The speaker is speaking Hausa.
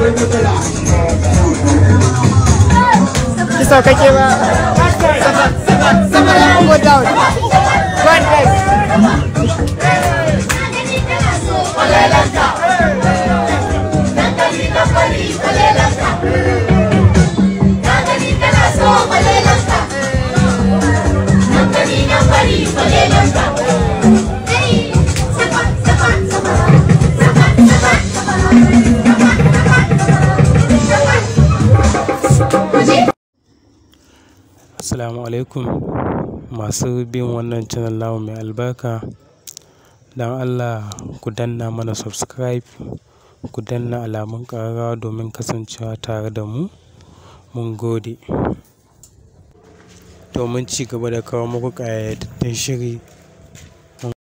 You saw Kakira. Somebody one more down. One less. Palelasta. Assalamu alaikum masu bin wannan channel namu mai albarka. Don Allah ku danna mana subscribe, ku danna alamun ƙararrawa domin kasancewa tare da mu. Mun gode. Domin ci gaba da kawo muku ƙayatattun shiri.